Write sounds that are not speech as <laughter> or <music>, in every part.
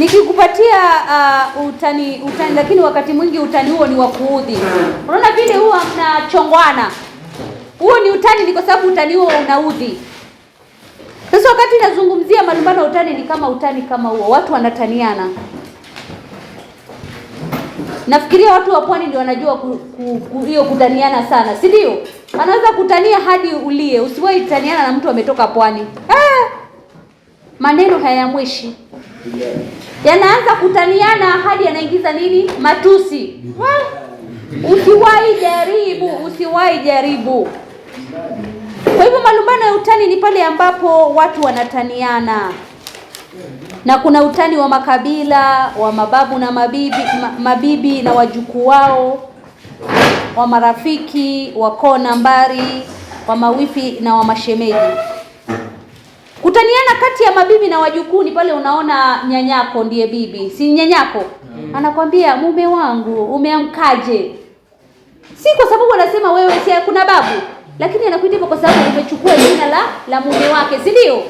nikikupatia uh, utani utani, lakini wakati mwingi utani huo ni wa kuudhi. Hmm. Unaona vile huwa mnachongwana, huo ni utani, ni kwa sababu utani huo unaudhi. Sasa wakati nazungumzia malumbano utani, ni kama utani kama huo, watu wanataniana. Nafikiria watu wa pwani ndio wanajua ku, ku, ku, hiyo kutaniana sana, si ndio? Anaweza kutania hadi ulie. Usiwahi taniana na mtu ametoka pwani. Eh, maneno hayamwishi yanaanza kutaniana hadi yanaingiza nini, matusi. Usiwahi jaribu, usiwahi jaribu. Kwa hivyo malumbano ya utani ni pale ambapo watu wanataniana, na kuna utani wa makabila, wa mababu na mabibi, ma, mabibi na wajukuu wao, wa marafiki, wa koo na mbari, wa mawifi na wa mashemeji. Kutaniana kati ya mabibi na wajukuu ni pale unaona nyanyako ndiye bibi, si nyanyako mm. Anakwambia mume wangu umeamkaje? Si kwa sababu anasema wewe si kuna babu, lakini anakuita hivyo kwa sababu umechukua jina la la mume wake, si ndio?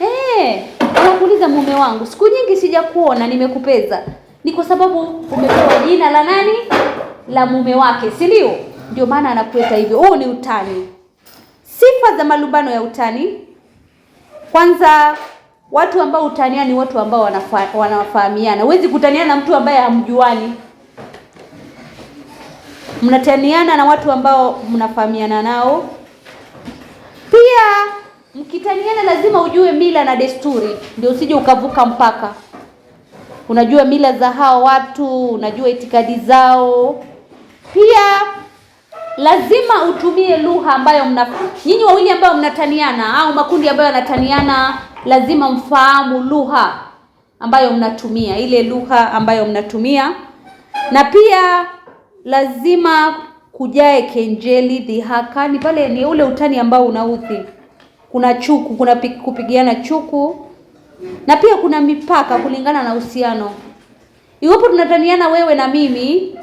Eh, anakuuliza mume wangu, siku nyingi sijakuona, nimekupeza. Ni kwa sababu umepewa jina la nani? La mume wake, si ndio? Ndio maana anakuita hivyo. Huu ni utani. Sifa za malumbano ya utani kwanza watu ambao utania ni watu ambao wanafahamiana. Huwezi kutaniana na mtu ambaye hamjuani. Mnataniana na watu ambao mnafahamiana nao. Pia mkitaniana, lazima ujue mila na desturi, ndio usije ukavuka mpaka. Unajua mila za hao watu, unajua itikadi zao pia lazima utumie lugha ambayo mna nyinyi wawili ambayo mnataniana au makundi ambayo yanataniana, lazima mfahamu lugha ambayo mnatumia, ile lugha ambayo mnatumia. Na pia lazima kujae kenjeli, dhihaka, ni pale, ni ule utani ambao unaudhi. Kuna chuku, kuna kupigiana chuku, na pia kuna mipaka kulingana na uhusiano. Iwapo tunataniana wewe na mimi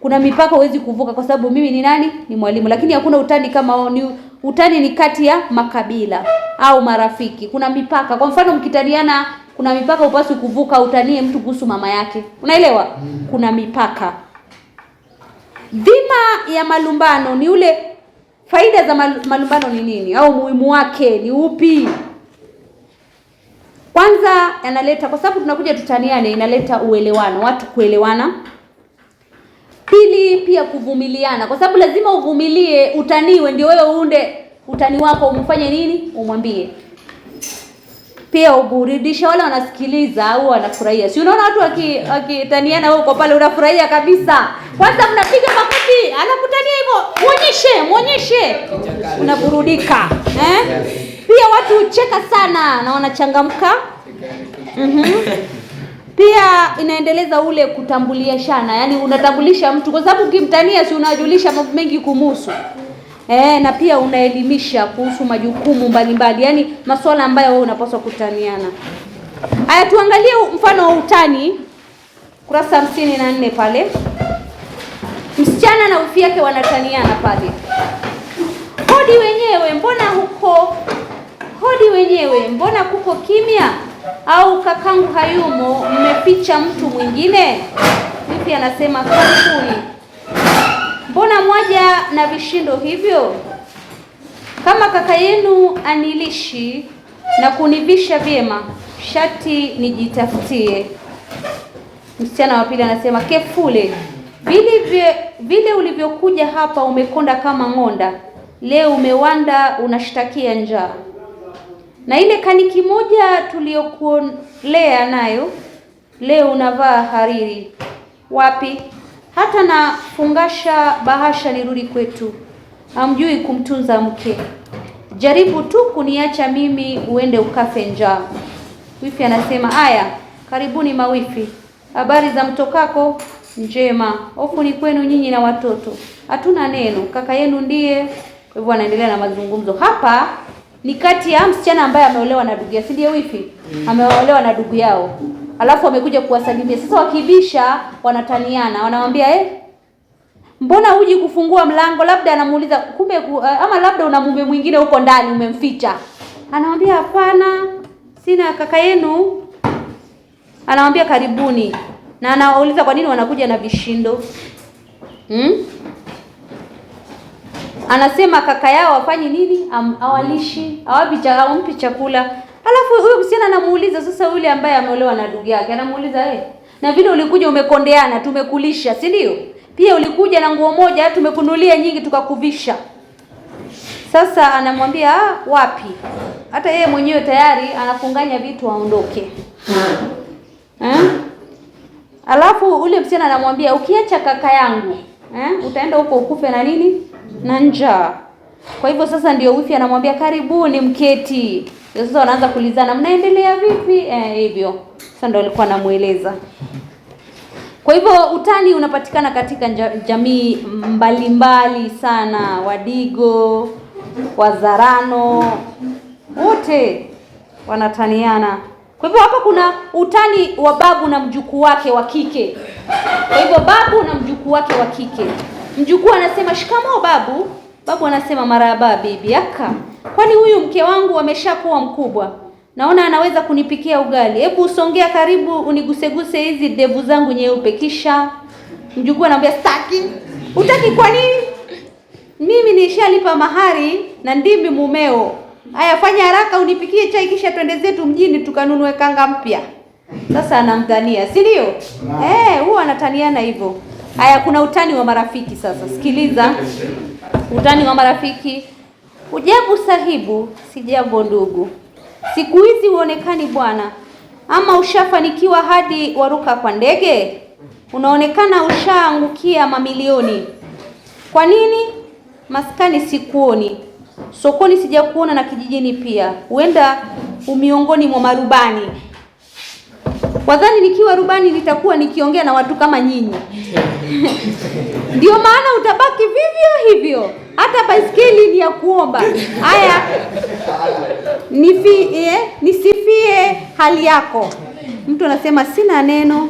kuna mipaka huwezi kuvuka, kwa sababu mimi ni nani? Ni mwalimu. Lakini hakuna utani kama Ni utani ni kati ya makabila au marafiki. Kuna mipaka, kwa mfano mkitaniana, kuna mipaka upasi kuvuka, utanie mtu kuhusu mama yake, unaelewa? Kuna mipaka. Dhima ya malumbano ni ule, faida za malumbano ni nini au muhimu wake ni upi? Kwanza yanaleta, kwa sababu tunakuja tutaniane, inaleta uelewano, watu kuelewana Pili pia kuvumiliana, kwa sababu lazima uvumilie utaniwe, ndio wewe uunde utani wako. Umfanye nini? Umwambie pia uburudisha wale wanasikiliza au wanafurahia. Si unaona watu wakitaniana, waki wewe pale unafurahia kabisa, kwanza mnapiga makofi, anakutania hivyo, muonyeshe muonyeshe, unaburudika eh? Pia watu ucheka sana na wanachangamka mm -hmm. Pia inaendeleza ule kutambulishana, yani unatambulisha mtu kwa sababu ukimtania, si unajulisha mambo mengi kumuhusu. E, na pia unaelimisha kuhusu majukumu mbalimbali, yani masuala ambayo wewe unapaswa kutaniana. Haya, tuangalie mfano wa utani kurasa hamsini na nne pale. Msichana na wifi yake wanataniana pale. Hodi wenyewe, mbona huko? Hodi wenyewe, mbona kuko kimya? au kakangu hayumo, mmeficha mtu mwingine? Vipi? Anasema karibuni. Mbona mwaja na vishindo hivyo? Kama kaka yenu anilishi na kunivisha vyema, shati nijitafutie. Msichana wa pili anasema kefule, vile vile ulivyokuja hapa umekonda kama ng'onda, leo umewanda, unashtakia njaa na ile kaniki moja tuliyokuolea nayo leo unavaa hariri wapi? Hata na fungasha bahasha nirudi kwetu, hamjui kumtunza mke. Jaribu tu kuniacha mimi, uende ukafe njaa. Wifi anasema haya, karibuni mawifi, habari za mtokako? Njema, hofu ni kwenu nyinyi na watoto. Hatuna neno, kaka yenu ndiye. Kwa hivyo anaendelea na mazungumzo hapa ni kati ya msichana ambaye ameolewa na ndugu yake, si ndio? Wifi mm. ameolewa na ndugu yao, alafu wamekuja kuwasalimia. Sasa wakibisha, wanataniana, wanamwambia eh, mbona huji kufungua mlango? Labda anamuuliza kumbe, uh, ama labda una mume mwingine huko ndani umemficha. Anamwambia hapana, sina kaka yenu. Anamwambia karibuni, na anawauliza kwa nini wanakuja na vishindo hmm? anasema kaka yao afanye nini, hawalishi hawampi chakula. Alafu huyo msichana anamuuliza sasa, yule ambaye ameolewa na ndugu yake anamuuliza eh, na vile ulikuja umekondeana, tumekulisha si ndio? Pia ulikuja na nguo moja, tumekunulia nyingi, tukakuvisha. Sasa anamwambia ah, wapi? Hata yeye mwenyewe tayari anafunganya vitu aondoke hmm. eh? Alafu ule msichana anamwambia ukiacha kaka yangu eh, utaenda huko ukufe na nini na njaa. Kwa hivyo sasa ndio wifi anamwambia karibuni, mketi. Ndio sasa wanaanza kuulizana mnaendelea vipi? Eh, hivyo sasa ndio alikuwa anamueleza. Kwa hivyo utani unapatikana katika jamii mbalimbali mbali sana, Wadigo, Wazarano wote wanataniana. Kwa hivyo hapa kuna utani wa babu na mjukuu wake wa kike. Kwa hivyo babu na mjukuu wake wa kike Mjukuu anasema shikamoo babu. Babu anasema marahaba bibi. Aka, kwani huyu mke wangu ameshakuwa mkubwa, naona anaweza kunipikia ugali. Hebu usongea karibu uniguseguse hizi ndevu zangu nyeupe. Kisha mjukuu anamwambia staki. Utaki kwa nini? Mimi nishalipa mahari na ndimi mumeo. Haya, fanya haraka unipikie chai, kisha twende zetu mjini tukanunue kanga mpya. Sasa anamdhania, si ndio? Eh, huwa anataniana hivyo. Haya, kuna utani wa marafiki sasa. Sikiliza, utani wa marafiki. Hujabu sahibu, sijambo ndugu, siku hizi huonekani bwana, ama ushafanikiwa hadi waruka kwa ndege, unaonekana ushaangukia mamilioni. Kwa nini maskani sikuoni? Sokoni sijakuona na kijijini pia, huenda umiongoni mwa marubani. Wadhani nikiwa rubani nitakuwa nikiongea na watu kama nyinyi? <laughs> Ndio maana utabaki vivyo hivyo, hata baiskeli ni ya kuomba. Haya, nifie, eh, nisifie hali yako. Mtu anasema sina neno.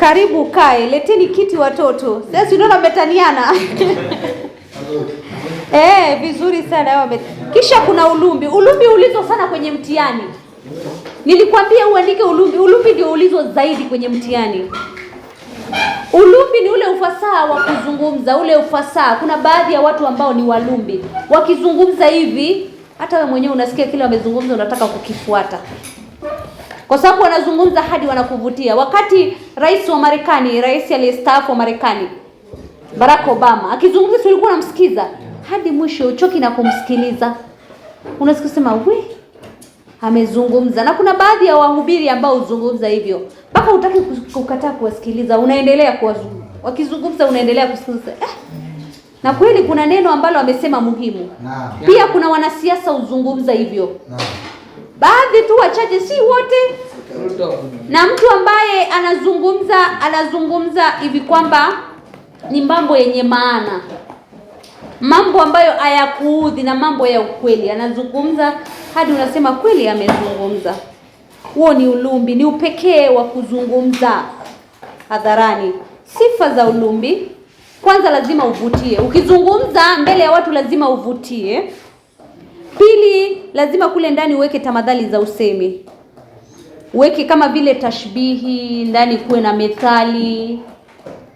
Karibu kae, leteni kiti watoto. Sasa unaona wametaniana <laughs> eh, vizuri sana kisha kuna ulumbi. Ulumbi ulizo sana kwenye mtihani Nilikwambia uandike ulumbi. Ulumbi ndio ulizo zaidi kwenye mtihani. Ulumbi ni ule ufasaha wa kuzungumza, ule ufasaha. Kuna baadhi ya watu ambao ni walumbi, wakizungumza hivi hata wewe mwenyewe unasikia kile wamezungumza, unataka kukifuata kwa sababu wanazungumza hadi wanakuvutia. Wakati rais wa Marekani, rais aliyestaafu wa Marekani Barack Obama akizungumza, ulikuwa namsikiza hadi mwisho, uchoki na kumsikiliza, unasikia sema amezungumza, na kuna baadhi ya wahubiri ambao huzungumza hivyo mpaka utaki kukataa kuwasikiliza, unaendelea kuwazungumza, wakizungumza unaendelea kusikiliza eh. Na kweli kuna neno ambalo amesema muhimu na, pia kuna wanasiasa huzungumza hivyo na, baadhi tu wachache, si wote na mtu ambaye anazungumza anazungumza hivi kwamba ni mambo yenye maana, mambo ambayo hayakuudhi na mambo ya ukweli anazungumza hadi unasema kweli amezungumza. Huo ni ulumbi, ni upekee wa kuzungumza hadharani. Sifa za ulumbi, kwanza lazima uvutie. Ukizungumza mbele ya watu lazima uvutie. Pili, lazima kule ndani uweke tamadhali za usemi, uweke kama vile tashbihi ndani, kuwe na methali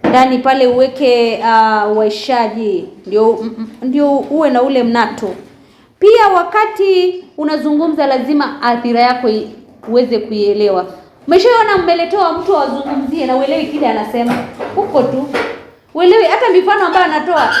ndani pale, uweke uh, waishaji, ndio ndio uwe na ule mnato. Pia wakati unazungumza lazima athira yako uweze kuielewa. Umeshaona mmeletewa mtu awazungumzie na uelewi kile anasema, huko tu uelewi hata mifano ambayo anatoa